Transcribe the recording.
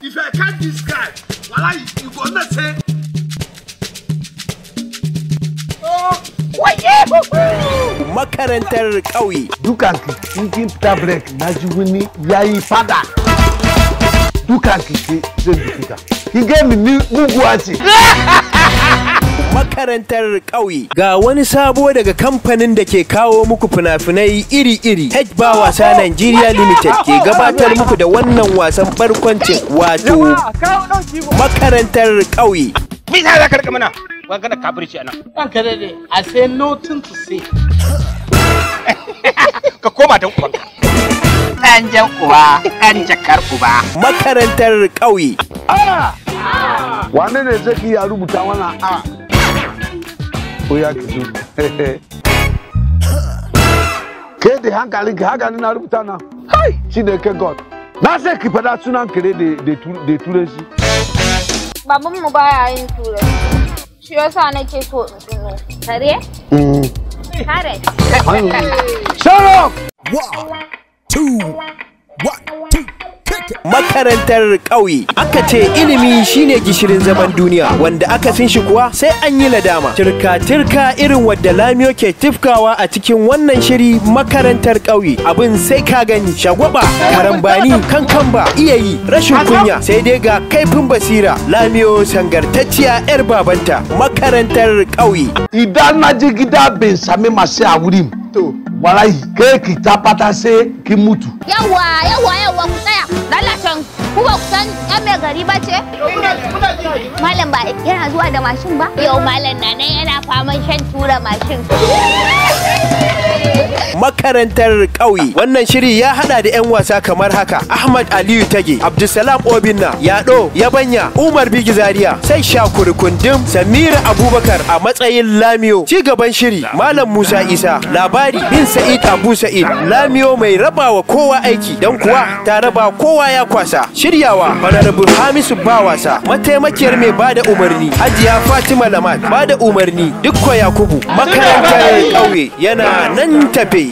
If I catch this guy, wala you go not say. Makarantar ƙauye. Dukanki sun kin tablet na ji wani yayi fada. Dukanki ke zai dukuta. Ki ga mini muguwa ce. makarantar ƙauye. Ga wani sabo daga kamfanin da ke kawo muku fina-finai iri-iri. Hajba Wasa Nigeria Limited ke gabatar muku da wannan wasan barkwancin wato makarantar ƙauye. Bisa za ka rika mana wangana kafirci a nan. Ranka daɗe, I say nothing to say. Ka koma don ubanka. Ɗan jan kuwa, ɗan jakar uba. Makarantar ƙauye. Ah! Wane ne zai iya rubuta wannan a? Ah. ko ya fito hankali ka haka na rubuta na hai shi god n'a se na sai ki fada sunan de da turanci baban mu baya yin turanci shi yasa nake so in tuno mm. shut up one two one makarantar ƙauye. Aka ce ilimi shine gishirin zaman duniya wanda aka sin shi kuwa sai an yi ladama. Tirka-tirka irin wadda Lamiyo ke tifkawa a cikin wannan shiri makarantar ƙauye. Abin sai ka gani shagwaba, karambani, kankamba, iyayi, rashin kunya, sai dai ga kaifin basira. Lamiyo sangartacciya 'yar babanta makarantar ƙauye. Idan na ji gida bai sami masu a wurin. To, kai ki ta fata sai ki mutu. Yawa, yawa, yawa. ne? Malam ba yana zuwa da mashin ba? Yau malam na nan yana faman shan tura mashin. makarantar ƙauye wannan shiri ya hada da 'yan wasa kamar haka ahmad aliyu tage abdulsalam obinna yado yabanya umar bigi zaria sai shakur kundum samira abubakar a matsayin lamiyo ci gaban shiri malam musa isa labari bin sa'id abu sa'id lamiyo mai rabawa kowa aiki don kuwa ta raba kowa ya kwasa shiryawa honorable hamisu bawasa mataimakiyar mai bada umarni hajiya fatima Lamad, bada umarni dukko yakubu makarantar ƙauye yana nan tafe